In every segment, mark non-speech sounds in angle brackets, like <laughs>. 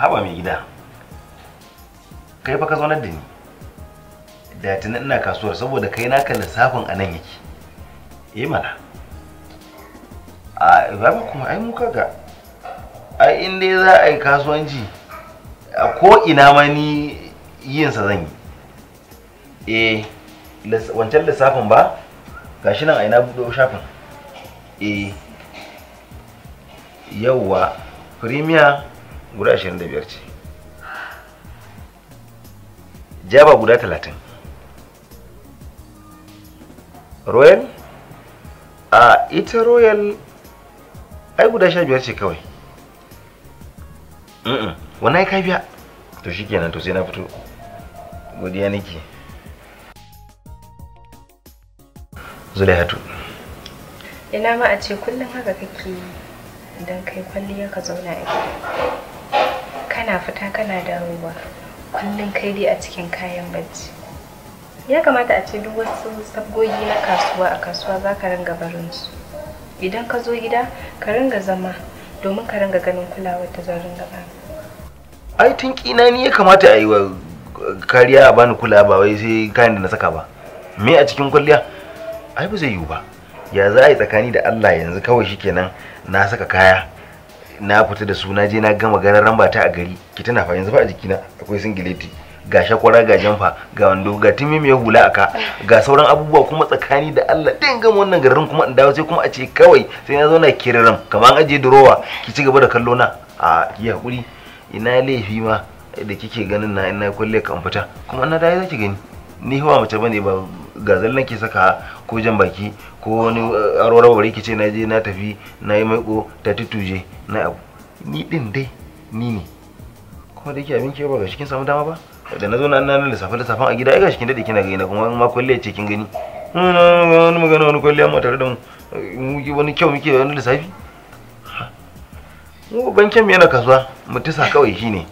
haba mai gida kai fa ka zaunar da ni da tuni ina kasuwar saboda kai naka lissafin a nan yake eh mana a babu kuma ai muka ga ai in dai za a yi kasuwanci a ko ina ma ni yinsa zan yi eh wancan lissafin ba gashi nan a ina buɗe shafin eh yauwa premier guda 25 ce jaba guda 30 royal a ita royal ai guda 15 ce kawai wani ai ka biya to shikenan to sai na fito godiya nake hatu Ina ma a ce kullum haka kake idan kai kwalliya ka zauna a gida. kana fita kana dawowa kullum kai dai a cikin kayan bacci ya kamata a ce duk wasu sabgogi na kasuwa a kasuwa za ka ringa barin su idan ka zo gida ka ringa zama domin ka ringa ganin kulawa ta zan ringa ba ai tun kina ni ya kamata a yi wa kariya a bani kula ba wai sai kayan da na saka ba me a cikin kwalliya ai ba zai yiwu ba ya za a yi tsakani da Allah yanzu kawai shikenan na saka kaya na fita da su na je na gama ganin ramba ta a gari ki tana fa yanzu fa a jikina akwai singileti ga shakwara ga jamfa ga wando ga timi mai hula aka ga sauran abubuwa kuma tsakani da Allah din gama wannan garin kuma in dawo sai kuma a ce kawai sai na zauna kiriram kamar an aje durowa ki ci gaba da kallo na a ki hakuri ina laifi ma da kike ganin na ina kulle kan fita kuma na dai zaki gani ni hawa mace bane ba gazal nake saka ko jan baki ko wani eh, aro rabari kice na je na tafi na yi maiko ta tutuje na abu ni din dai ni ne kuma da yake abin ke ba ga cikin samu dama ba da na zo na nan lissafe lissafan a gida ai gashi kin dade kina gani na kuma ma kwalle ce kin gani hmm, wani magana wani kwalle amma tare da mu wani kyau muke wani lissafi mu bankin mu yana kasuwa mu tisa kawai shine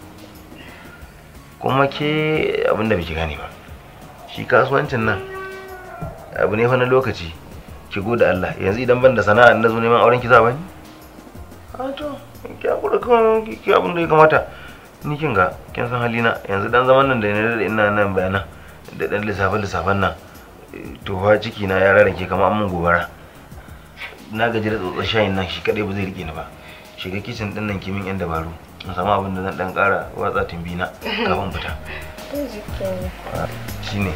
kuma ke abinda bai biki gane ba shi kasuwancin nan abu ne fa na lokaci ki gode Allah yanzu idan ban da sana'a na zo neman auren ki za bani a ki hakura kawai ki abin da ya kamata ni kin ga kin san halina yanzu dan zaman nan da ne da ina nan bayana da dan lissafin lissafin nan to ciki na ya rarrake kamar an mun gobara na gaji da tsotsar shayin nan shi kadai ba zai rike ni ba shiga kicin din nan kimin yan dabaru in samu abin da zan dan kara watsa timbina kafin fita <laughs> shine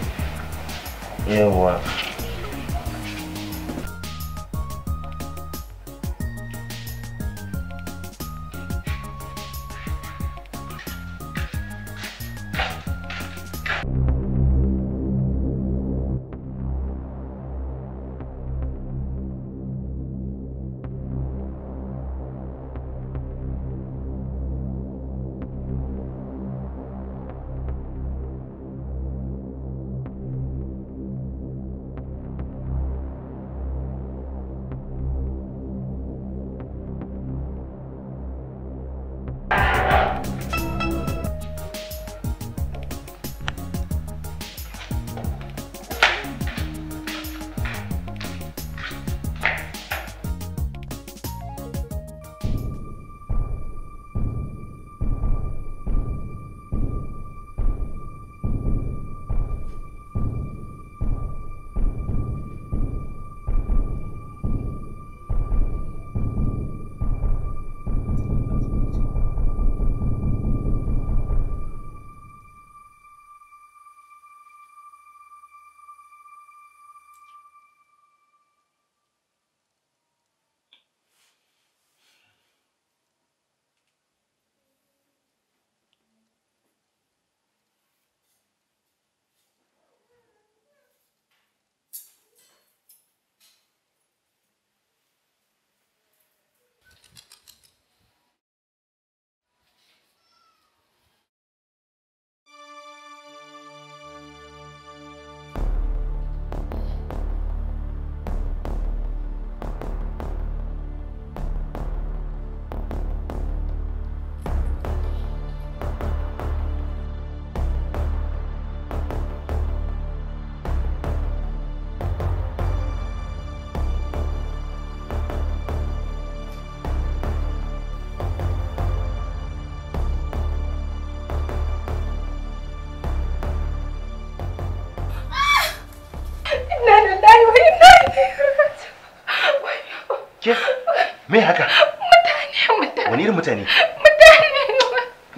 me haka mutane mutane wani irin mutane mutane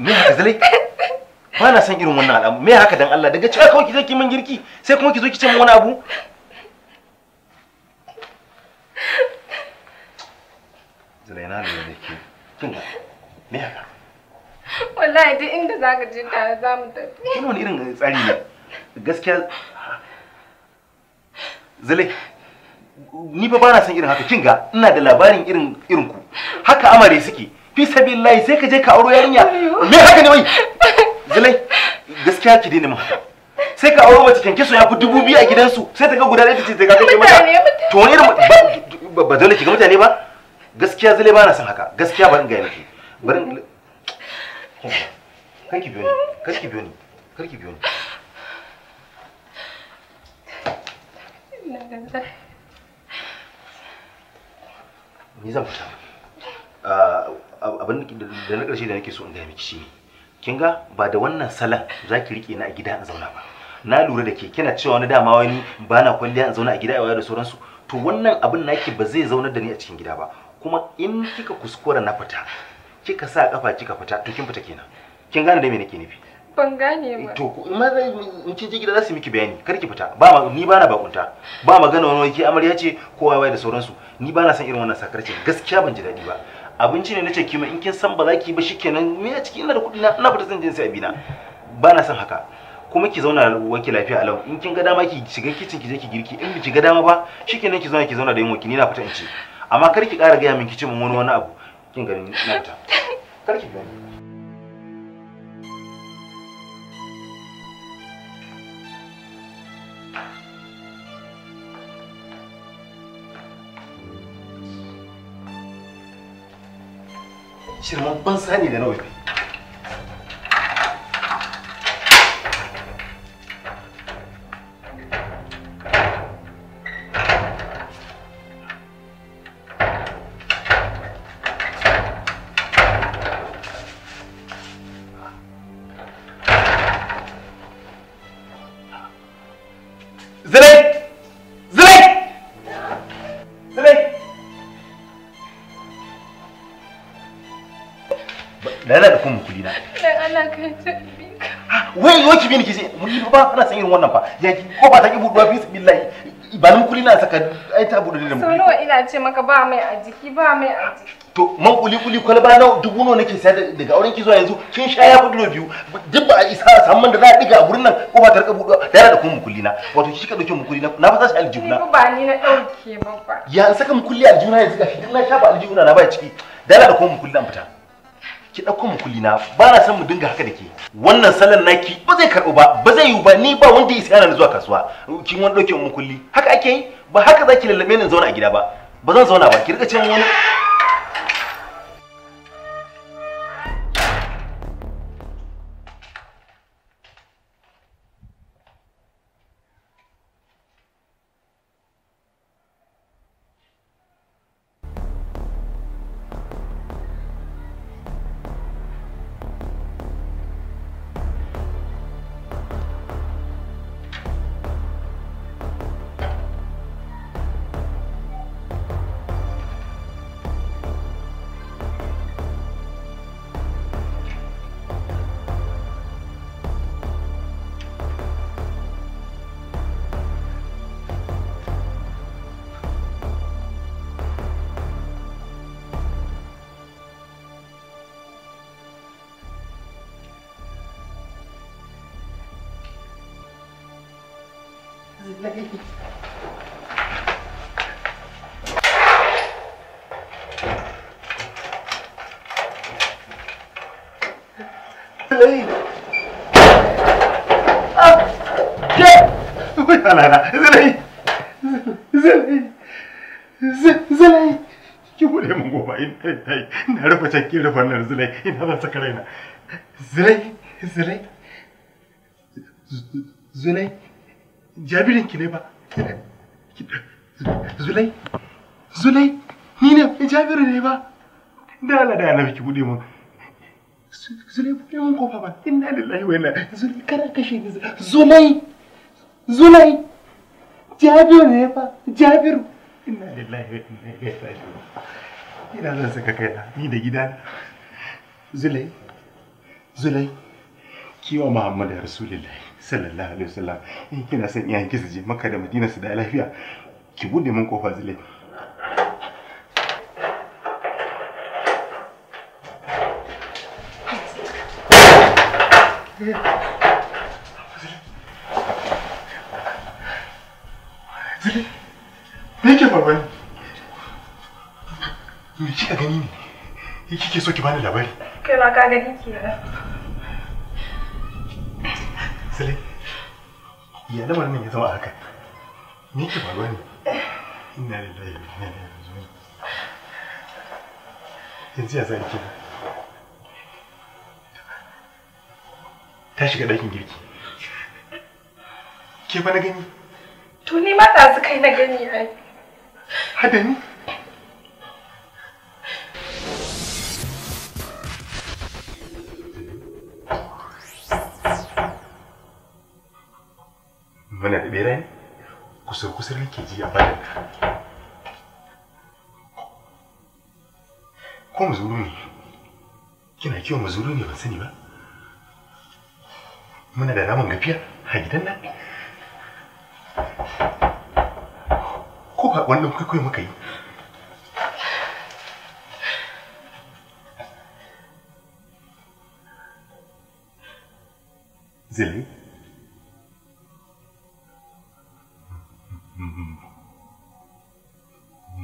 me haka zale? ba na san irin wannan al'amu me haka dan Allah daga cewa kawai ki zaki min girki sai kuma ki zo ki ce min wani abu Zulaina da yadda ke kinga me haka wallahi duk inda zaka je tare za mu tafi wani irin tsari ne gaskiya zalai ni ba bana san irin haka kinga ina da labarin irin irin ku haka amare suke fi sabilillahi sai ka je ka auro yarinya me haka ne wai zulai gaskiya ki dina ma sai ka auro mace so ya fi dubu biyu a gidansu sai ta ga guda ɗaya ta ce ta ga kai mata to wani irin ba dole ki ga mutane ba gaskiya zulai bana san haka gaskiya ba in ga miki bari kar ki biyo ni kar ki biyo ni kar ki biyo ni ni zan fita ah, abin da na ƙarshe da nake so in gaya miki shine kin ga ba da wannan salon za ki rike ni a gida in zauna ba na lura da ke kina cewa wani dama wani ba na kwalliya in zauna a gida a wayar da sauransu to wannan abin naki ba zai zaunar da ni a cikin gida ba kuma in kika kuskura na fita kika sa kafa kika fita to kin fita kenan kin gane da me nake nufi ban gane ba to ma zai in ce je gida za su miki bayani kar ki fita ba ni ba na bakunta ba magana wani ke amarya ce ko waye da sauransu ni ba na san irin wannan sakarci gaskiya ban ji daɗi ba abinci ne nace kima in kin san ba za ki ba shikenan me a ciki ina da kuɗi na ina fita zan je sai abina ba na san haka kuma ki zauna wanki lafiya alau in kin ga dama ki shiga kicin ki je ki girki in ki ga dama ba shikenan ki zauna ki zauna da yin wanki na fita in ce amma kar ki ƙara gaya min ki ce mun wani wani abu kin gani na fita kar ki gani Şimdi mutlu sen yine ne uyuyor? fa ana san irin wannan fa ya ko ba ta ki buɗuwa fi billahi ba nan kuli na saka ai ta buɗe da mu sau ina ce maka ba mai a jiki ba mai a jiki to man kuli kuli ba na dubu nawa nake sayar daga auren ki zuwa yanzu kin sha ya buɗe biyu duk ba a isa a samu da za a diga a gurin nan ko ba ta rika buɗuwa da yana da kuma mukuli na wato shi ka dauke mukuli na na fasa shi aljihu na ba ni na dauke ba ya saka mukuli aljihu na yanzu shi duk na sha ba aljihu na na ba ciki da yana da kuma mukuli na fita ki ɗauko mu kulli na ba na san mu dinga haka da ke wannan salon naki ba zai karɓu ba ba zai yiwu ba ni ba wanda ya yana zuwa kasuwa kin wani ɗauke mu kulli haka ake yi ba haka zaki lallabe ni zauna a gida ba ba zan zauna ba ki rika cin wani zalai ki bude min goma in dai na rufe cikin rufen nan zalai ina zan saka raina zalai zalai zulai jabirin ki ne ba zulai zulai ni ne jabirin ne ba da Allah da annabi ki bude min zulai bude min kofa ba inna lillahi wa inna zulai kana kashe ni zulai zulai jabiru ne ba jabiru inna lillahi wa inna ilaihi raji'un ina zan saka kaina ni da gida zulai zulai kiwa muhammad ya rasulullahi sallallahu alaihi wasallam in kina san iyayen ki je makka da madina su da lafiya ki bude min kofa zulai Yeah. mamaki. Me kika gani ne? so ki bani labari? Kai ma ka gani kenan. Sule, ya lamarin ya zama haka. Me faruwa ne? Ina Yanzu ya zai ki. Ta shiga girki. Ke fa na gani? To ni ma ta su kai na gani ai. Hadani? Muna da bera ne? Kusur-kusur nake ji a bayan Ko mazuru ne? Kina kiwon mazuru ne ban sani ba? Muna da naman gafiya a gidan nan? ko ba wannan kwaikwayo muka yi zilli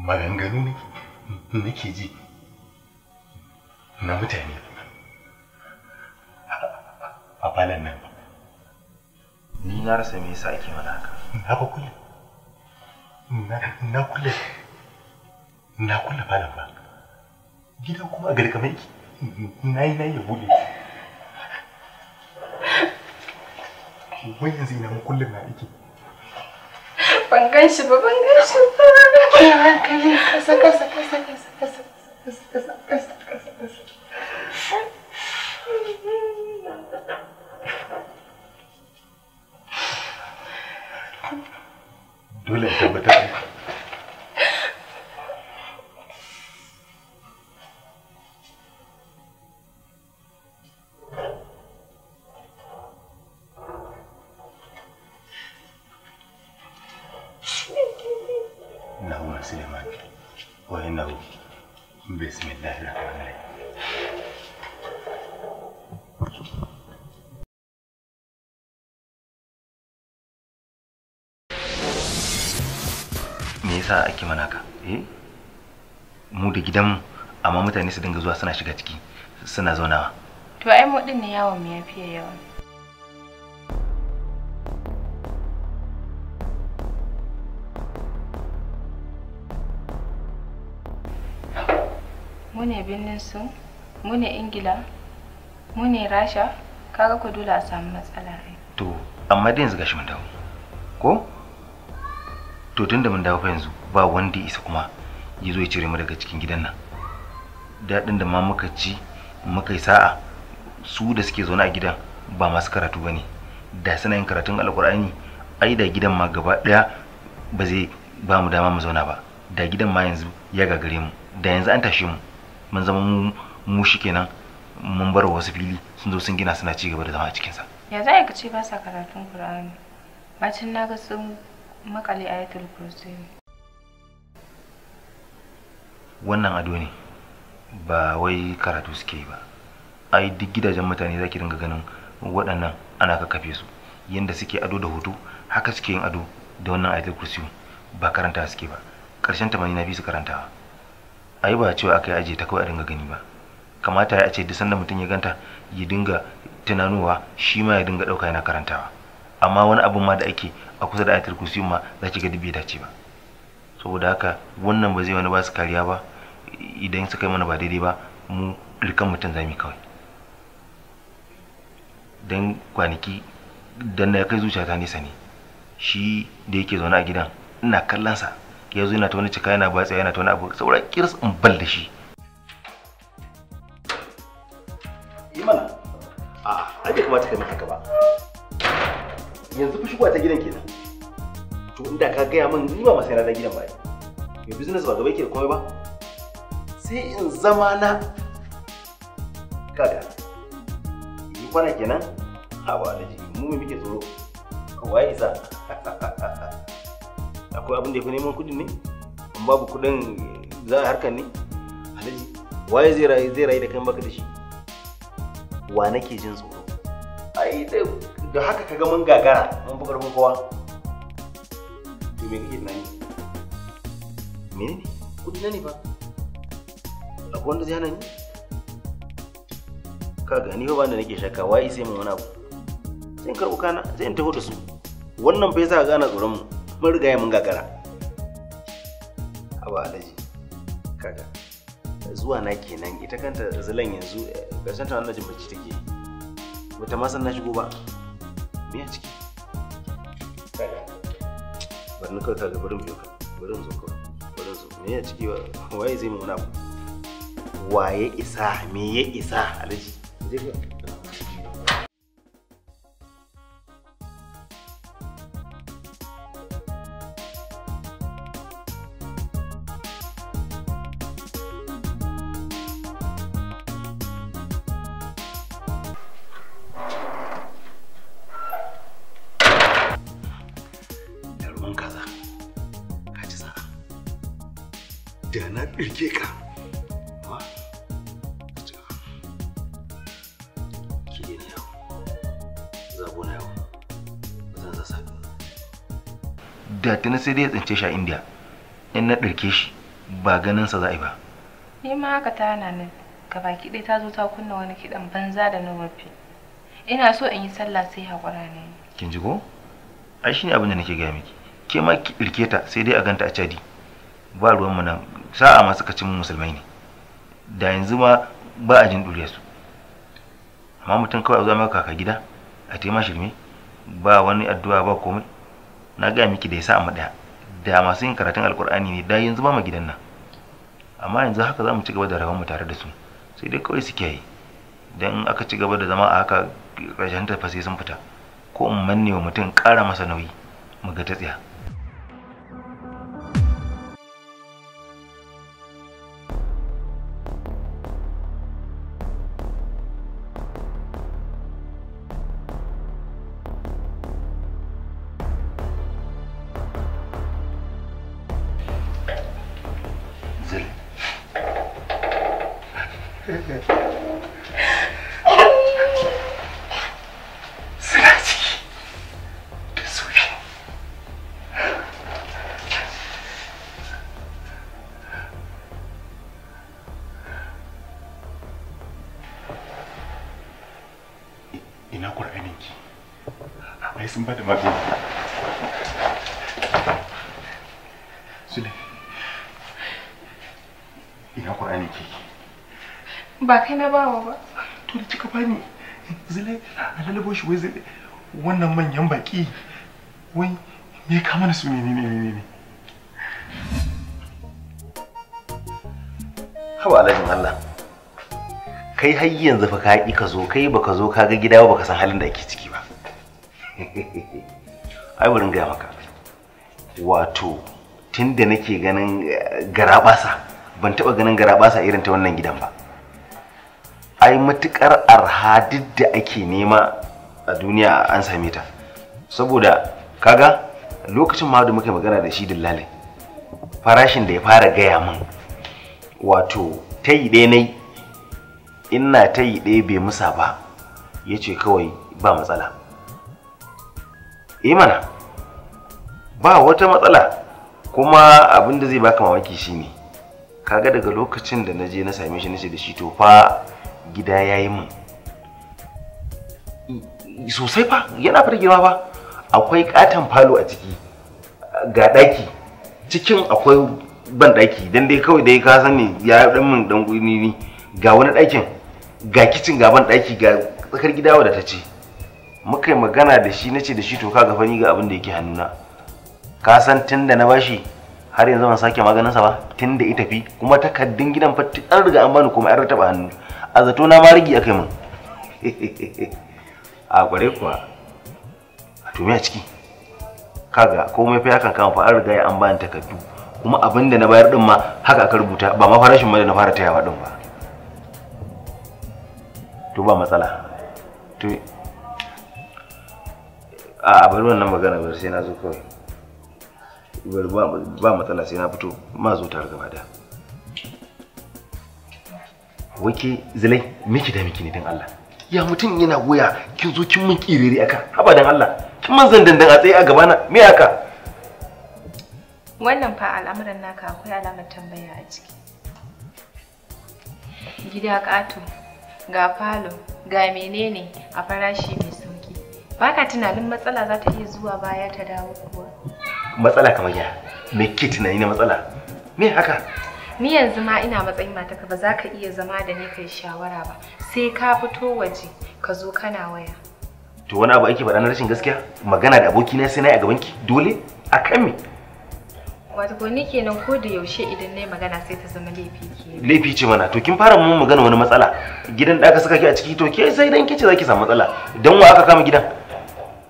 maganganu ne nake ji na mutane a falon nan ni na rasa me yasa ake mana haka haka kullum na kula na kula falon ba gida kuma a garkama na yi na yi ya buɗe yanzu ina makullin na yake ban gan shi ba ban gan shi ba kasa kasa kasa kasa دولة in tabbatar إنه سليمان وإنه بسم الله الرحمن الرحيم sa a mana haka eh, mu da gidanmu amma mutane su dinga zuwa suna shiga ciki suna zaunawa to ai mu din ne yawon mu yafi yawa mu ne birnin su mu ne ingila mu ne rasha kaga ku dole a samu matsala ai to amma dai yanzu gashi mun dawo ko to da mun dawo yanzu ba wanda ya isa kuma ya zo ya cire mu daga cikin gidan nan daɗin da ma muka ci muka yi sa'a su da suke zaune a gidan ba masu karatu ba ne da suna yin karatun alkur'ani ai da gidan ma gaba ɗaya ba zai ba mu dama mu zauna ba da gidan ma yanzu ya gagare mu da yanzu an tashe mu mun zama mu mu shikenan mun bar wasu fili sun zo sun gina suna ci gaba da zama a cikinsa ya za ka ce ba sa karatun qur'ani bacin na ga sun makale ayatul kursi wannan ado ne ba wai karatu suke ba ai duk gidajen mutane za ki ringa ganin waɗannan ana ka kafe su yadda suke ado da hoto haka suke yin ado da wannan ayatul kursi ba karanta suke ba ƙarshen tamani na fi su karantawa ai ba cewa aka yi aje ta kawai a dinga gani ba kamata ya ce duk sanda mutum ya ganta ya dinga tunanowa shi ma ya dinga ɗauka yana karantawa amma wani abun ma da ake a kusa da ayatul kursi ma za ki ga duk dace ba saboda haka wannan ba zai wani ba kariya ba idan suka yi mana ba daidai ba mu rikan mutum zami kawai Dan kwanaki dan na kai zuciya ta nesa ne shi da yake zaune a gidan ina kallon sa ya zo yana ta wani cika yana batsa yana ta wani abu sauran kirs in bal da shi yi mana a'a ai bai kamata kai maka ba yanzu fi shigowa ta gidan nan to inda ka gaya min ni ba masana na gidan ba mai business ba gaba yake da komai ba sai in zama na kaga ni kwana kenan ha ba da jini mu muke tsoro waye isa <laughs> akwai abin da ya fi neman kudin ne in babu kudin za a harkar ne alhaji waye zai rayu da kan baka da shi wa nake jin tsoro ai da da haka kaga mun gagara mun fi ƙarfin kowa to me kake tunani ne kudi na ne ba akwai wanda zai hana ni ka gani ba da nake shakka wai sai mun wani abu sai in karɓi kana sai in taho da su wannan fa yasa gana tsoron mu mun riga mun gagara haba alaji kaga zuwa na kenan ita kanta zilan yanzu eh, ƙarshen ta wannan jin take bata ma san na shigo ba me a ciki bari na kauta ga me a ciki waye zai mun wani abu waye isa me ya isa alaji je sai dai ya tsince shi a indiya in na ɗirke shi ba ganin sa za a yi ba ni ma haka ta hana ni baki ɗaya ta zo ta kunna wani kiɗan banza da na mafi ina so in yi sallah sai haƙura ne kin ji ko ai ne abin da nake gaya miki ke ma ki ɗirke ta sai dai a ganta a cadi ba ruwan mu nan sa'a ma suka musulmai ne da yanzu ma ba a jin ɗuriyar su amma mutum kawai a zuwa maka kaka gida a taima ne ba wani addu'a ba komai na gaya miki da ya sa mu ɗaya. da masu yin karatun alkur'ani ne da yanzu ba ma gidan nan amma yanzu haka za mu ci gaba da rabon mu tare da su sai dai kawai su kiyaye dan aka ci gaba da zama a haka ƙarshen tafa sun fita ko in manne wa mutum ƙara masa nauyi mu ga ta tsaya ba wa ba to da zile lalabo shi wai zile wannan manyan baki wai me ka mana su ne ne ne ne alajin Allah kai har yanzu fa ka ki ka zo kai baka zo ka ga gida ba baka san halin da ake ciki ba <laughs> ai wurin gaya maka wato tunda nake ganin eh, garabasa ban taba ganin garabasa irin ta wannan gidan ba ai matukar arha duk da ake nema a duniya an same ta saboda kaga lokacin ma da muka magana da shi dillalin farashin da ya fara gaya mun, wato ta yi ɗaya nai ina ta yi ɗaya bai musa ba ya ce kawai ba matsala eh mana ba wata matsala kuma abin da zai baka mamaki shine kaga daga lokacin da na je na same shi na ce da shi to fa gida ya yi min sosai fa yana fara girma fa akwai katon falo a ciki ga ɗaki cikin akwai ban daki don dai kawai dai ka sani ya ɗan min ɗan ni ga wani ɗakin ga kicin ga ban ɗaki ga tsakar gida wadda ta ce muka yi magana da shi nace da shi to ka gafani ga abin da yake hannuna ka san tun da na bashi har yanzu ban sake maganinsa ba tun da ita fi kuma takardun gidan fa an riga an bani kuma an rataba hannu a zato na marigi aka yi min <laughs> a kware kuwa a to me a ciki kaga komai fa yakan kama fa an riga ya an bayan takardu kuma abin da na bayar din ma haka aka rubuta ba ma farashin ma da na fara tayawa din ba to ba matsala to a a bari wannan magana bar sai na zo kawai ba matsala sai na fito ma zo tare gaba da wake zilai miki da miki ne dan Allah ya mutum yana goya kin zo kin mun kirere aka haba dan Allah kin man zan dandan a tsaye a gaba me aka wannan fa al'amuran naka akwai alamar tambaya a ciki gida ƙato ga falo ga menene a farashi mai sauki baka tunanin matsala za ta iya zuwa baya ta dawo kuwa matsala kamar ya me ke tunani na matsala me haka ni yanzu ma ina matsayin mataka ba za ka iya zama da ni kai shawara ba sai ka fito waje ka zo kana waya to wani abu ake faɗa na rashin gaskiya magana da abokina sai na yi a gaban ki dole a kan me wato ko ni kenan ko da yaushe idan nayi magana sai ta zama laifi ke laifi ce mana to kin fara mun magana wani matsala gidan da aka saka ki a ciki to ke sai dan kice zaki samu matsala dan wa aka kama gidan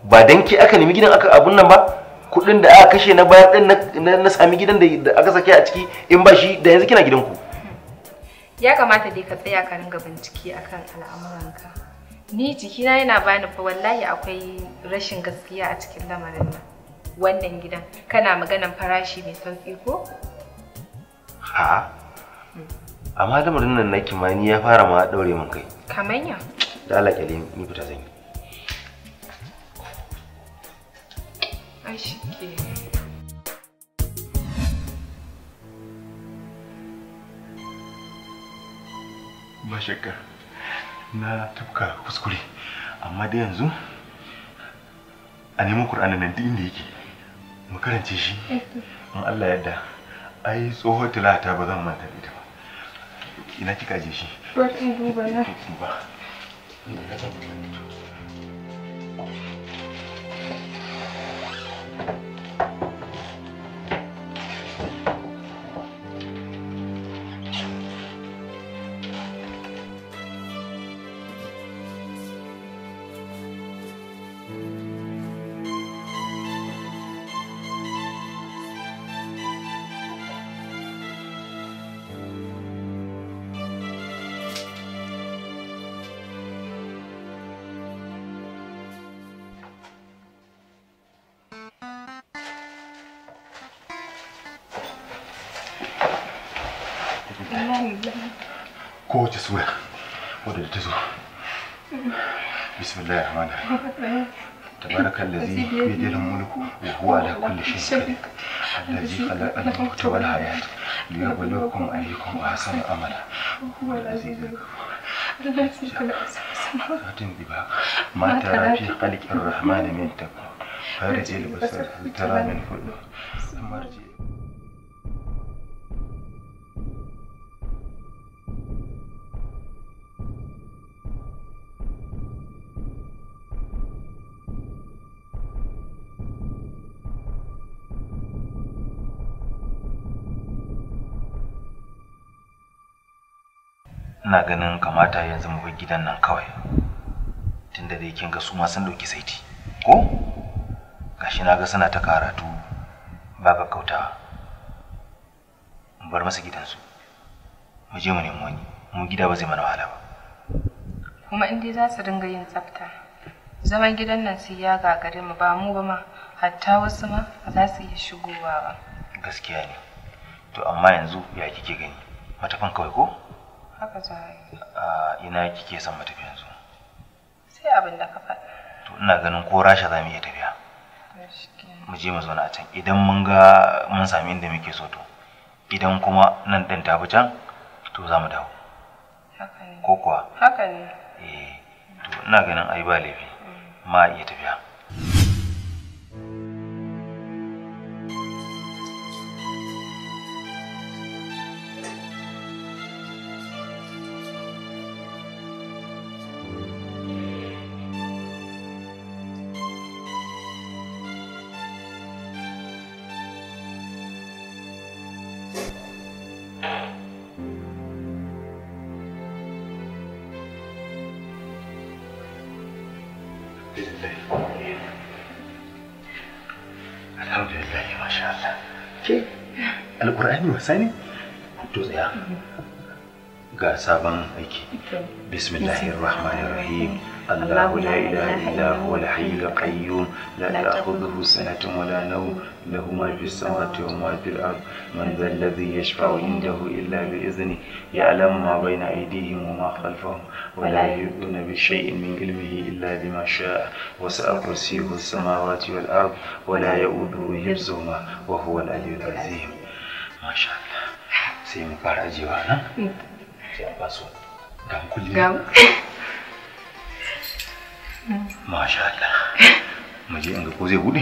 ba dan ki aka nemi gidan aka abun nan ba kuɗin da aka kashe na bayar ɗin na sami gidan da aka sake a ciki in ba shi da yanzu kina ku Ya kamata dai ka tsaya ka ringa bincike akan al'amuranka. Ni jikina yana bani fa wallahi akwai rashin gaskiya a cikin lamarin nan. Wannan gidan kana maganan farashi mai sauki ko? Ha? Amma lamarin nan na kimani ya fara ma daure mun kai. Kamanya? Da Allah ke ni fita zan yi. Aşk Ba shakka na tafka kuskure amma dai yanzu a neman Kur'anin nan duk inda yake mu karance shi in Allah yadda ai tsohon talata ba zan manta ita ba ina kika je shi. Bari in duba na. Duba. على الموت والحياة ليبلوكم أيكم أحسن عملا هو العزيز ما ترى في خلق الرحمن من تقوى فارجع البصر هل ترى من فضل ثم ارجع ina ganin kamata yanzu mu bar gidan nan kawai tunda dai kin ga su ma sun dauki saiti ko gashi na ga suna ta karatu ba ka kautawa mu bar masa gidansu mu je mu nemi wani mu gida ba zai mana wahala ba kuma in dai za su dinga yin tsafta zaman gidan nan sai ya gagare mu ba mu ba ma hatta wasu ma ba za su iya shigowa ba gaskiya ne to amma yanzu ya kike gani matafan kawai ko haka za a yi ina kike son mu tafi yanzu sai abin da ka faɗa to ina ganin ko rasha za mu iya tafiya mu je mu zauna a can idan mun ga mun sami inda muke so to idan kuma nan ɗin ta fi can to za mu dawo ko kuwa haka ne eh to ina ganin ai ba laifi mm. ma iya tafiya Billahi. Alhamdulillah masha Allah. Ke Alƙur'ani wasa ne? To tsaya. Ga sabon aiki. Bismillahirrahmanirrahim. الله لا إله إلا هو الحي القيوم لا تأخذه سنة ولا نوم له ما في السماوات وما في الأرض من ذا الذي يشفع عنده إلا بإذنه يعلم ما بين أيديهم وما خلفهم ولا يؤذون بشيء من علمه إلا بما شاء وسع كرسيه السماوات والأرض ولا يؤوده حفظهما وهو العلي العظيم ما شاء الله سيمي فارجي وانا سيمي باسو قام كل يوم Masha Allah. Mu je in ga ko zai buɗe.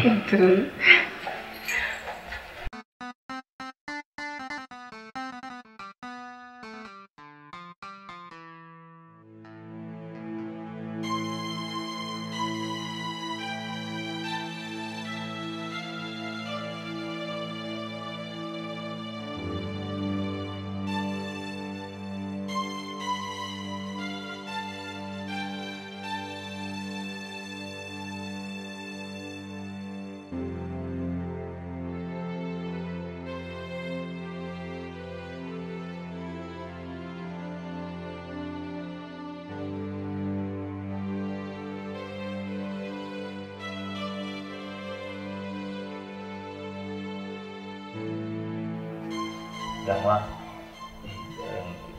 dama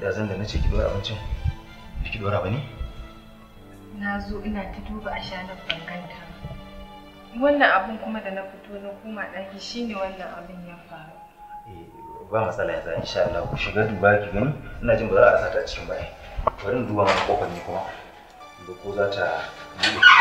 da zan da nace ki dora abincin ki dora ba ne na zo ina ta duba a shanar banganta wannan abun kuma da na fito na koma ɗaki shine wannan abin ya faru eh, ba matsala yanzu insha Allah ku shiga duba ki gani ina jin ba za a ta cikin baya bari in duba mana kofar ne kuma da ko za ta buɗe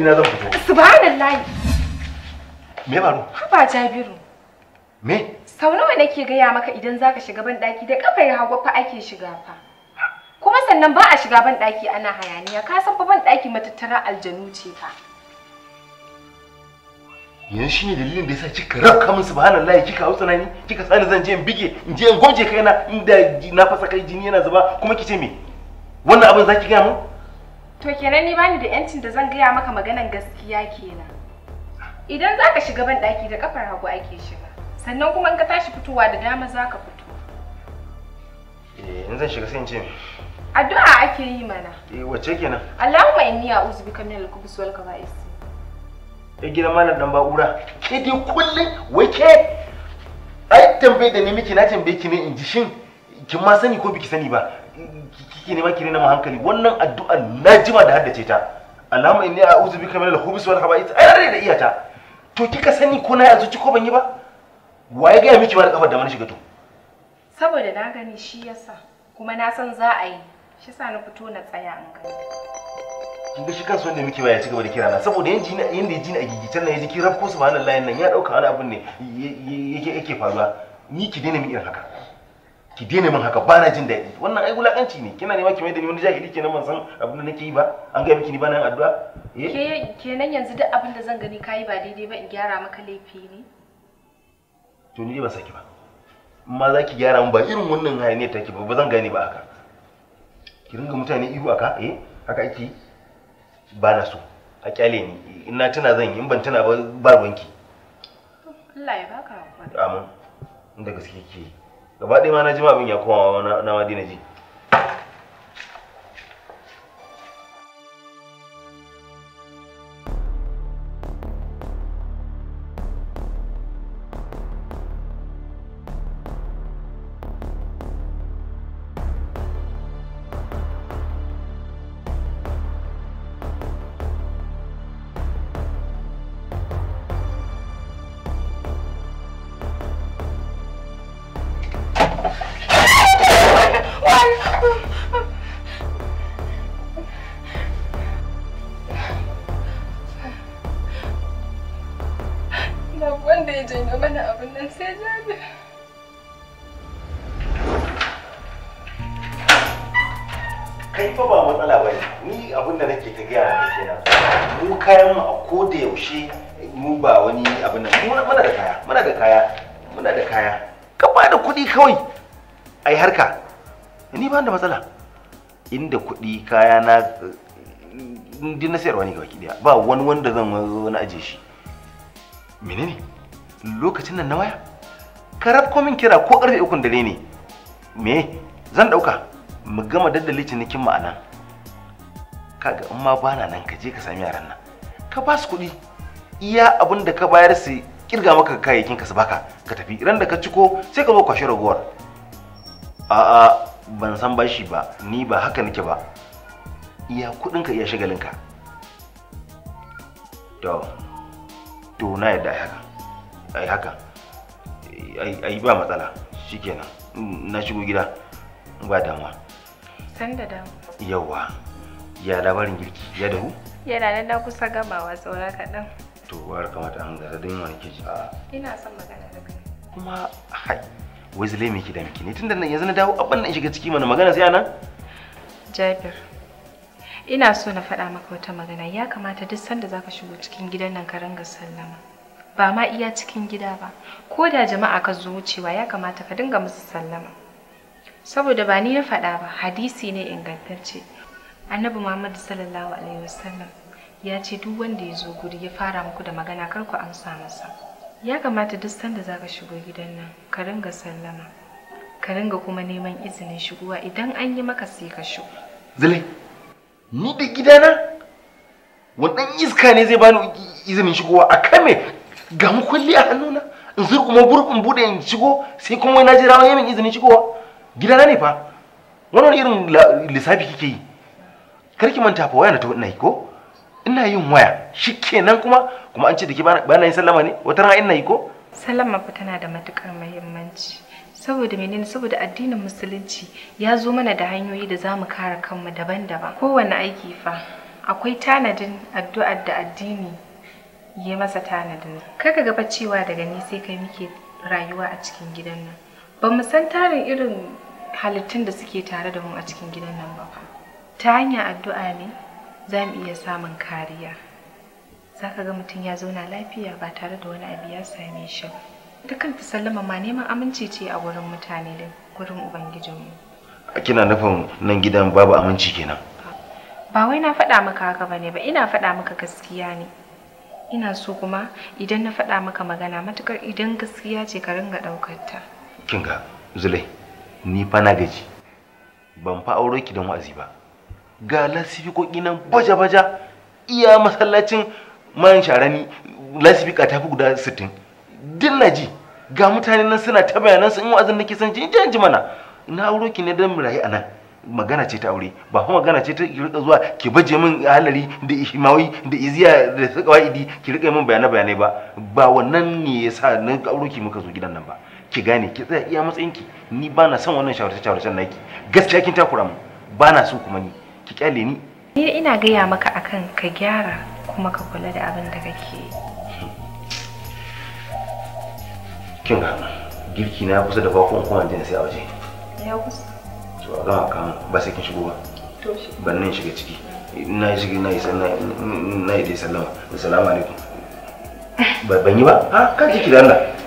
gari na zan fito subhanallahi me Ba jabiru me sau nawa nake gaya maka idan zaka shiga ban daki da ya ya fa ake shiga fa kuma sannan ba a shiga ban daki ana hayaniya ka san fa ban daki matattara aljanu ce fa yanzu shine dalilin da yasa kika rakka min subhanallahi kika hausa na ni kika sani zan je in bige in je in goje kaina inda na fasa kai jini yana zuba kuma kice me wannan abin zaki gaya mun To kenan ni bani da yancin da zan gaya maka maganan gaskiya kenan. Idan za ka shiga banɗaki da kafar hagu ake shiga, sannan kuma in ka tashi fitowa da dama za ka fito. Eh, in zan shiga sai in ce Addu'a ake yi mana. Eh, wace kenan? Allahumma inni a'udhu bika al khubuthi wal khaba'is. Eh, gidan malam dan ba'ura. Ke dai kullun wake. Ai tambaye da ni miki na tambaye ki ne in ji shin kin ma sani ko biki sani ba kike nema ki nema hankali wannan addu'a na jima da haddace ta Allahumma inni a'udhu bika min al-khubuthi wal khaba'ith ai da iyata to kika sani ko na yanzu ci ko ban yi ba waye ga miki ba kafar da mun shiga to saboda na gani shi yasa kuma na san za a yi shi sa na fito na tsaya an gani kin ga shi kansu wanda muke ya cika da kirana saboda yanji na yanda a na can nan yaji kiran ko subhanallahi nan ya dauka wani abun ne yake yake faruwa ni ki daina min irin haka ki daina min haka bana jin daɗi wannan ai wulakanci ne kina nema ki mai da ni wani jahili kenan ban san abin da nake yi ba an ga miki ni bana yin addu'a eh? ke kenan yanzu duk abin da zan gani kayi ba daidai ba in gyara maka laifi ne to ni dai ban saki ba amma za ki gyara mun ba irin wannan ne take ba ba zan gani ba haka ki ringa mutane ihu aka eh haka ake ba na so a kyale ni in na tana zan yi in ban tana ba ba wanki Allah ya baka hakuri amin inda gaske ke yi gaba ɗaya ma na jima abin ya koma na madina ji kaya na mm, duk na sayarwa ne gabaki daya ba wani wanda zan na aje shi menene lokacin nan na waya karab komin min kira ko karfe ukun dare ne me zan dauka mu gama daddale cinikin ma'ana kaga in ma bana nan ka je ka sami yaran nan ka ba su kuɗi iya abin da ka bayar su kirga maka kayayyakin ka su baka ka tafi ran da ka ciko sai ka zo kwashe ragowar a'a ban san bashi ba ni ba haka nake ba iya kudinka iya shagalinka to to na yadda haka ai haka ai ba matsala shikenan na shigo gida ba damuwa san da damu yawa ya labarin girki ya dahu yana nan na kusa gamawa saura kaɗan to war kamata an zara dan wani keji a ina son magana da kai kuma hai wai zile da miki ne tunda yanzu na dawo abin nan shiga ciki mana magana sai anan jabir ina so na faɗa maka wata magana ya kamata duk sanda za ka shigo cikin gidan nan ka ringa sallama ba ma iya cikin gida ba ko da jama'a ka zo wucewa ya kamata ka dinga musu sallama saboda ba ni na faɗa ba hadisi ne ingantacce annabi muhammad sallallahu alaihi wasallam ya ce duk wanda ya zo guri ya fara muku da magana kar ku amsa masa ya kamata duk sanda za ka shigo gidan nan ka ringa sallama ka ringa kuma neman izinin shigowa idan an yi maka sai ka shigo zile ni da gidana wannan iska ne zai bani izinin shigowa a kan me ga mu kulli a hannuna in zai kuma burkun bude in shigo sai kuma wai na jira wai izinin shigowa gidana ne fa wannan irin lissafi kike yi karki manta fa waya na ta ina yi ko ina yin waya kenan kuma kuma an ce da ke bana yin sallama ne wata rana ina yi ko sallama fa tana da matukar muhimmanci saboda menene saboda addinin musulunci ya zo mana da hanyoyi da za mu kare kanmu daban-daban kowane aiki fa akwai tanadin addu'ar da addini ya masa tanadin kaga gaba cewa daga ni sai kai muke rayuwa a cikin gidan nan ba mu san tarin irin halittun da suke tare da mu a cikin gidan nan ba ta hanyar addu'a ne za mu iya samun kariya za ka ga mutum ya zauna lafiya ba tare da wani abu ya same shi ba ita kanta sallama ma neman aminci ce a wurin mutane da gurin ubangijinmu kina nufin nan gidan babu aminci kenan ba wai na faɗa maka haka bane ba ina faɗa maka gaskiya ne ina so kuma idan na faɗa maka magana matukar idan gaskiya ce ka ringa ɗaukar ta kinga zulai ni fa na gaji ban fa aure ki dan wa'azi ba ga lasifikoki nan baja-baja iya masallacin man sharani lasifika ta fi guda sittin dillaji ga mutane nan suna ta bayanan sun wa'azin nake san ji ji mana na auro ki ne dan murayi anan magana ce ta aure ba kuma magana ce ta ki rika zuwa ki baje min halari da ishimawi da iziya da su idi, ki rika min bayane bayanai ba ba wannan ne yasa nan auro ki muka zo gidan nan ba ki gane ki tsaya iya matsayin ki ni ba na son wannan shawarce shawarcen naki gaskiya kin takura mu ba na so kuma ni ki kyale ni ni ina gaya maka akan ka gyara kuma ka kula da abin da kake yi kin girki na kusa da bakon kuma jin sai a waje ya kusa to a gama kan ba sai kin shigo ba to shi ban nan shiga ciki yi shiga na yi sallama na yi dai sallama assalamu alaikum ban yi ba ha kan ciki da Allah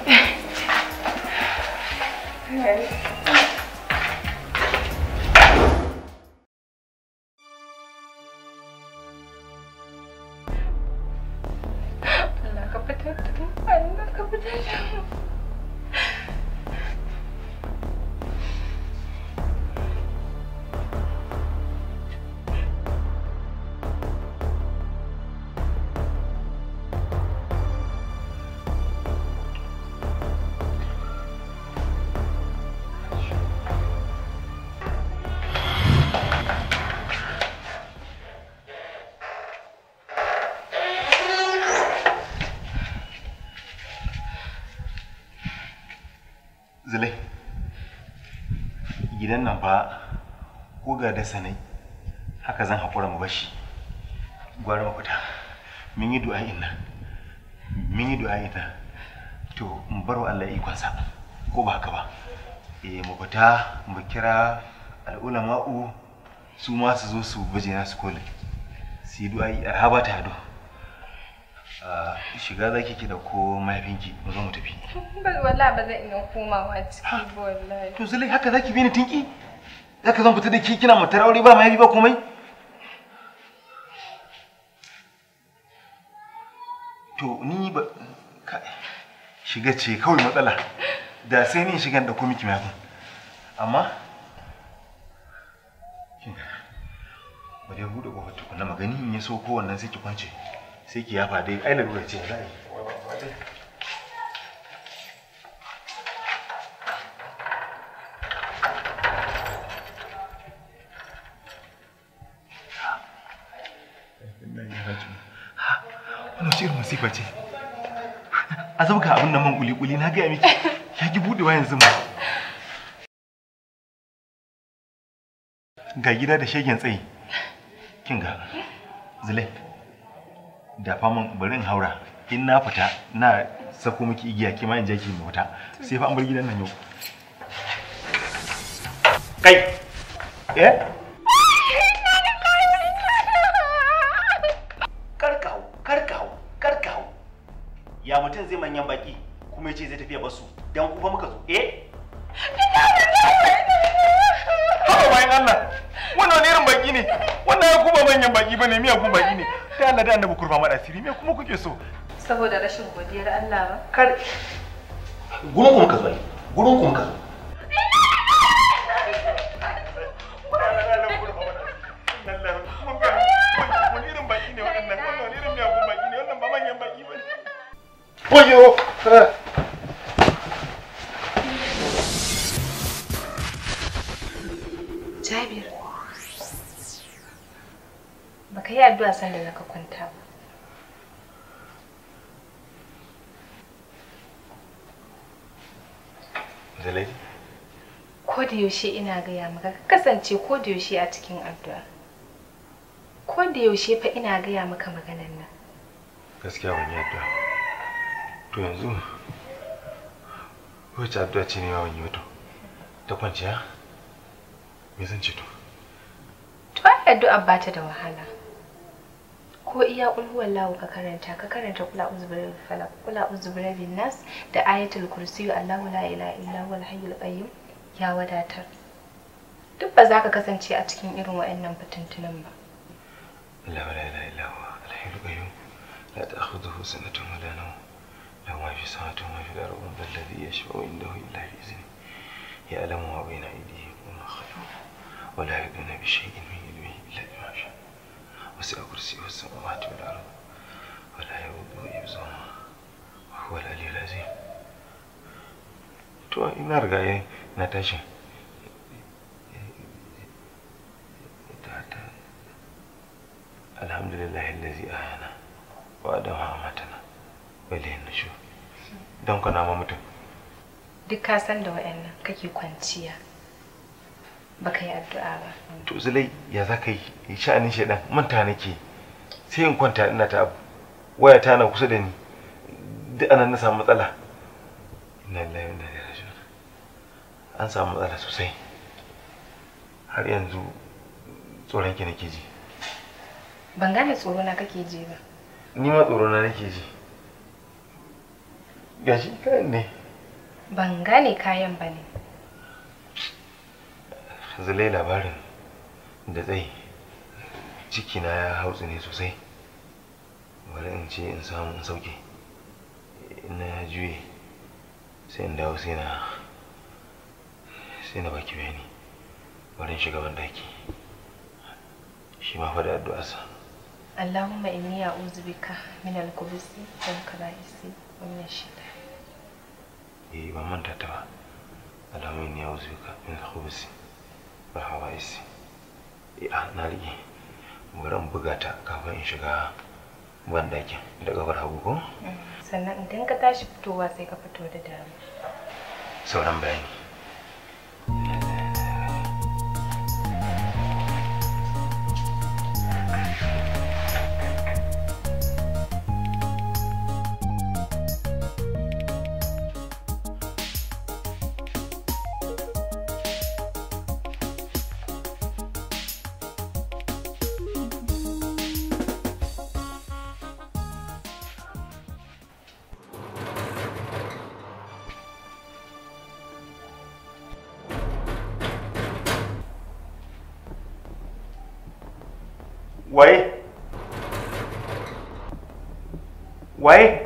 idan nan fa ko ga da sanai haka zan haƙura mu bashi gwara fita mun yi du'a nan mun yi du'a nan to in bar wa Allah sa ko ba haka ba eh mu fita mu kira al'ulama'u su ma su zo su bijina su kole su yi du'a'i arhaba ta hadu shiga za ki da ko mahaifinki mu zo mu tafi wallahi ba zan iya komawa ciki ba wallahi to zulai haka zaki bini tinki zaka zan fita da ki kina matar aure ba mahaifi ba komai to ni ba shiga ce kawai matsala da sai ni shigan da ko miki mahaifin amma ba dai buɗe ƙofar tukunna magani in ya so kowannen sai ki kwance sai ki yafa dai na ce za Wani shirin masifa ce. A abin nan man kuli-kuli na gaya miki ya ki buɗewa yanzu ma. Ga gida da shagen tsayi. Kin ga, Zulai. da faman barin haura in na fita na sako miki igiya ki ma in je ki mu fita sai fa an bar gidan nan yau kai eh karkawo karkawo karkawo ya mutum zai manyan baki kuma yace ce zai tafiya basu dan kuma muka zo eh Haka bayan Allah, wannan irin baki ne, wannan ya kuma manyan baki ba ne, kuma baki ne. sai Allah da annabi kurfa mada asiri me kuma kuke so saboda rashin godiyar Allah ba kar gurin kuma ka zo gurin kuma ka zo Oyo! Eh. Jabir. yi addu'a sanda za ka kwanta ba Zalai? Ko da yaushe ina gaya maka ka kasance ko da yaushe a cikin addu'a. Ko da yaushe fa ina gaya maka maganan nan. Gaskiya ban yi addu'a. To yanzu wacce addu'a ce ne ya wani wato? Ta kwanciya? Me zan ce to? To ai addu'a ba ta da wahala. ko iya kulhuwan lawo ka karanta ka karanta kula uzbirin falak kula uzbirin nas da ayatul kursiyu allahu la ilaha illa huwal hayyul qayyum ya wadatar duk ba za ka kasance a cikin irin wa'annan fitintunan ba la ilaha illa huwa alhayyul qayyum la ta'khudhuhu sanatun wa la nawm lahu ma fi samawati wa ma fi al-ardi wa alladhi yashfa'u indahu illa bi idhnihi ya'lamu ma bayna aydihim wa ma khalfahum wa la yaduna bi shay'in min wasu a kursi wasu a da wala ya ya wa huwa zai to riga na tashi alhamdulillah allazi ahana wa adama ka duk ka san da wayannan kake kwanciya baka yi addu'a ba to zulai ya za ka yi sha'anin shaidan manta nake sai in kwanta ina ta abu waya ta na kusa da ni duk anan na samu matsala inna lillahi wa inna ilaihi raji'un an samu matsala sosai har yanzu tsoron ki nake ji ban gane tsoro na kake ji ba ni ma tsoro na nake ji gashi kayan ne ban gane kayan ba ne zalai labarin da tsayi cikina ya hautsu ne sosai bari in ce in samu in sauke ya juye sai in dawo sai na sai na baki bayani bari in shiga bandaki shi ma faɗi addu'arsa Allahumma inni a'udhu bika min al-khubuthi wal khaba'isi wa min ash-shaytan eh ba manta ta ba Allahumma inni a'udhu bika min al-khubuthi rahawa isi ya eh, ah, na riƙe muran buga ta kafin in shiga ban dakin da gabar hagu ko mm. sannan idan ka tashi fitowa sai ka fito da dama sauran bayani 喂，喂。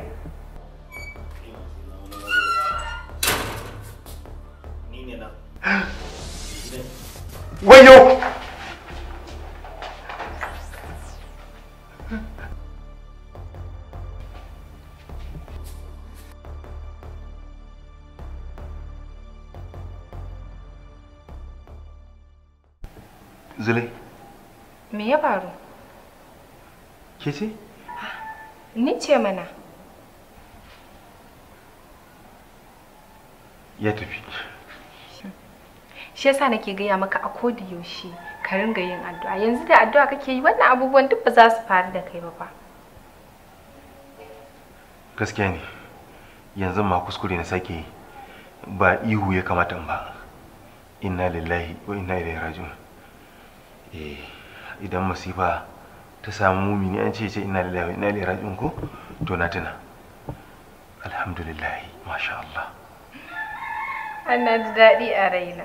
shi yasa nake gaya maka a koda yaushe ka ringa yin addu'a yanzu da addu'a kake yi wannan abubuwan duk ba za su faru da kai ba fa gaskiya ne yanzu ma kuskure na sake yi ba ihu ya kamata ba inna lillahi wa inna ilaihi raji'un eh idan masifa ta samu ne an ce ce inna lillahi wa inna ilaihi raji'un ko to na tuna alhamdulillah masha Allah ana ji daɗi a raina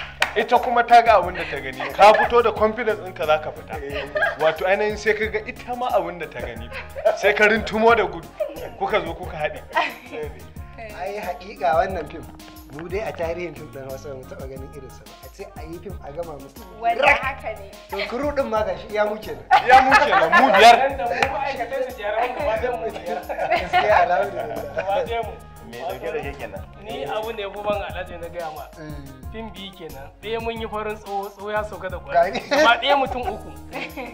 ita kuma ta ga abin da ta gani ka fito da confidence ɗinka za ka fita wato ainihin sai ka ga ita ma abin da ta gani sai ka rintumo da gudu kuka zo kuka haɗe ai haƙiƙa wannan fim mu dai a tarihin fim ɗan wasu mu taɓa ganin irin sa a ce a yi fim a gama musu wani haka ne to kuru ɗin ma gashi ya muke nan ya muke nan mu biyar da mu ma'aikatan da jarabar mu biyar gaskiya alhamdulillah mu me dauke da ke kenan ni abin da ya fi ban alhaji na gaya ma mm. fim biyu kenan ɗaya mun yi farin tsoho tsoho ya sauka da kwari amma ɗaya mutum uku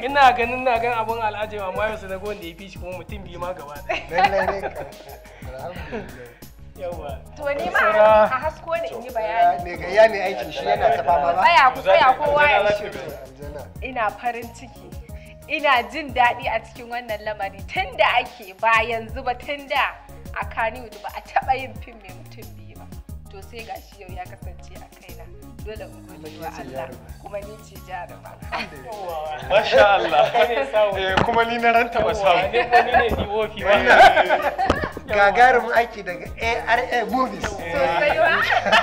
ina ganin na gan abin alhaji amma yau su na gwan da ya fi shi kuma mutum biyu ma gaba ɗaya yawa to ni ma a hasko ne in yi bayani me gayya ne aikin shi yana ta fama ba tsaya ku tsaya kowa ya shi ina farin ciki ina jin daɗi a cikin wannan lamari Tunda ake ba yanzu ba tunda. a kani kaniwood ba a taba yin fim mai mutum biyu ba to sai gashi yau ya kasance a kaina dole mu gode wa Allah kuma ni ce jaruma masha Allah <laughs> eh kuma ni na ranta ba samu ne wani ne ni wofi ba gagarin aiki daga ARA movies sosai wa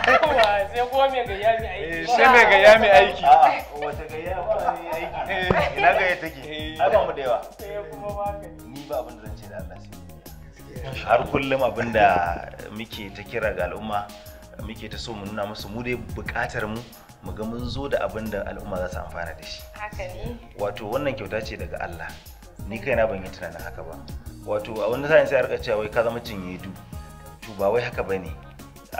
sai kuma mai ga yami aiki eh, sai mai ga yami aiki wata ga yami aiki eh, ina gayya take eh, ai ba mu da yawa sai kuma ba ni ba abin da zan ce da Allah sai har kullum abin da muke ta kira ga al'umma muke ta so mu nuna musu mu dai buƙatar mu mu ga mun zo da abinda al'umma za su amfana da shi wato wannan kyauta ce daga Allah ni kaina ban yi tunanin haka ba wato a wani sa'in sai arka cewa wai ka zama yedu to ba wai haka bane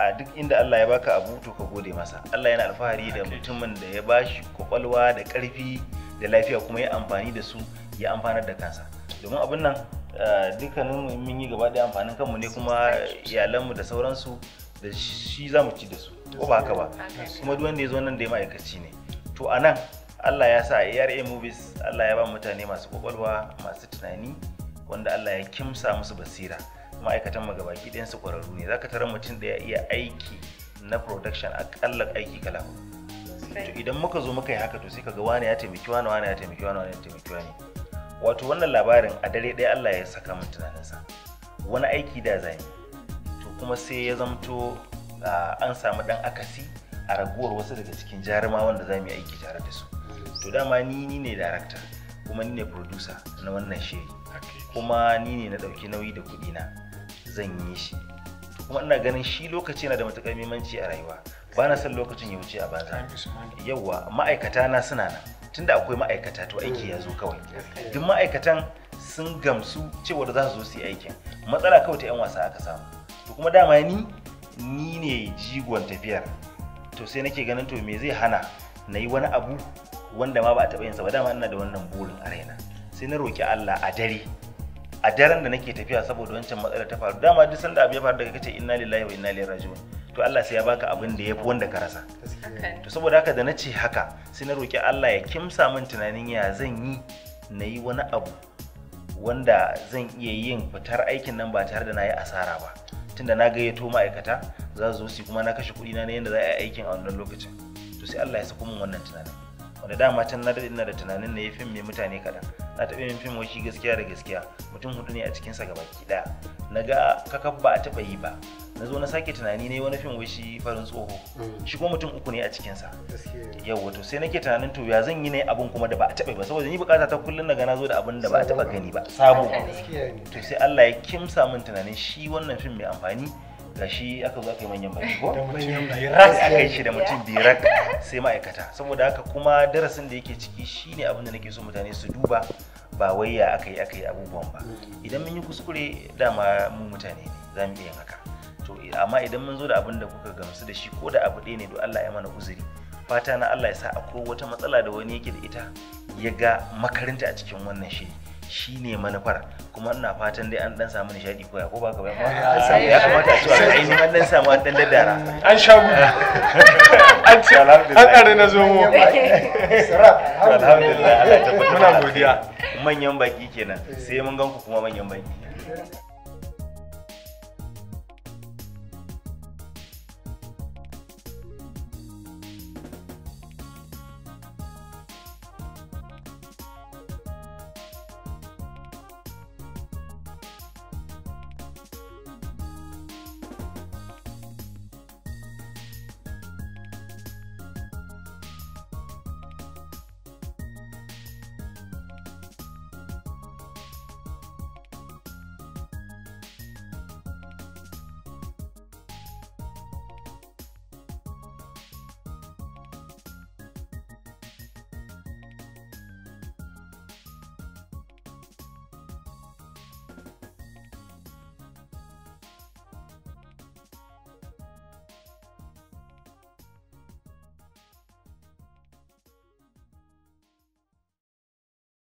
a duk inda Allah ya baka abu to ka gode masa Allah yana alfahari da mutumin da ya bashi kwakwalwa da ƙarfi da lafiya kuma ya amfani da su ya amfanar da kansa domin abin nan eh, dukkanin mun yi gaba ɗaya amfanin kanmu ne kuma iyalanmu da sauransu da shi za mu ci da su ko ba haka ba kuma duk wanda ya zo nan da ya ma'aikaci ne to a nan allah ya sa ara movies allah ya ba mutane masu kwakwalwa masu tunani wanda allah ya kimsa musu basira ma'aikatan magabaki ɗayan su kwararru ne za ka tara mutum da ya iya aiki na production akalla aiki kala to idan muka zo muka yi haka to sai ka ga wani ya taimaki wani wani ya taimaki wani wani ya taimaki wani wato wannan labarin a dare ɗaya Allah ya saka min tunaninsa wani aiki da zai to kuma sai ya zamto an samu ɗan akasi a raguwar wasu daga cikin jarumawan wanda za mu yi aiki tare da su to dama ni ni ne director kuma ni ne producer na wannan shiri kuma ni ne na ɗauki nauyi da kuɗi na zan yi shi kuma ina ganin shi lokaci yana da matuƙar muhimmanci a rayuwa ba na son lokacin ya wuce a banza yawwa ma'aikata na suna nan tunda akwai ma'aikata to aiki ya zo kawai duk ma'aikatan sun gamsu cewa za su zo su yi aikin matsala kawai ta 'yan wasa aka samu to kuma dama ni ni ne jigon tafiyar to sai nake ganin to me zai hana na yi wani abu wanda ma ba a taɓa sa ba dama ina da wannan burin a raina sai na roki Allah a dare a daren da nake tafiya saboda wancan matsalar ta faru dama duk sanda abu ya faru daga kace inna lillahi wa inna ilaihi raji'un to Allah sai ya baka abin da yafi wanda ka rasa to saboda haka da na ce haka sai na roki Allah ya kimsa min tunanin ya zan yi na yi wani abu wanda zan iya yin fitar aikin nan ba tare da na yi asara ba tunda na gayyato ma'aikata za su zo su kuma na kashe kuɗi na yadda za a yi aikin a wannan lokacin to sai Allah ya sako mun wannan tunanin wanda dama can na daɗe ina da tunanin na yi fim mai mutane kaɗan na taɓa yin fim shi gaskiya da gaskiya mutum hudu ne a cikinsa ki ɗaya na ga kakaf ba a taɓa yi ba na zo na sake tunani na yi wani fim wai shi farin tsoho mm. shi kuma mutum uku ne a cikinsa yau wato sai nake tunanin to ya zan yi ne abun kuma da ba a taɓa ba saboda ni bukata ta kullum na na zo da abun da ba a taɓa gani ba sabo to sai Allah ya kimsa min tunanin shi wannan fim mai amfani gashi aka zo aka yi manyan baki ko aka yi shi da mutum biyar sai ma'aikata saboda haka kuma darasin da yake ciki shine abin da nake so mutane su duba ba wai ya aka yi aka yi abubuwan ba idan mun yi kuskure dama mu mutane ne za mu iya yin haka to amma idan mun zo da abin da kuka gamsu da shi ko da abu ɗaya ne don Allah ya mana uzuri fata na Allah ya sa akwai wata matsala da wani yake da ita ya ga makaranta a cikin wannan shiri Shi ne manufar kuma ina fatan dai an dan samu nishadi ya ko baka bayan ya kamata a cewa ai an dan samu an dan daddara <laughs> an sha mu <laughs> an ci an kare na zo mu alhamdulillah Allah ta muna godiya manyan baki kenan sai mun gan ku kuma manyan baki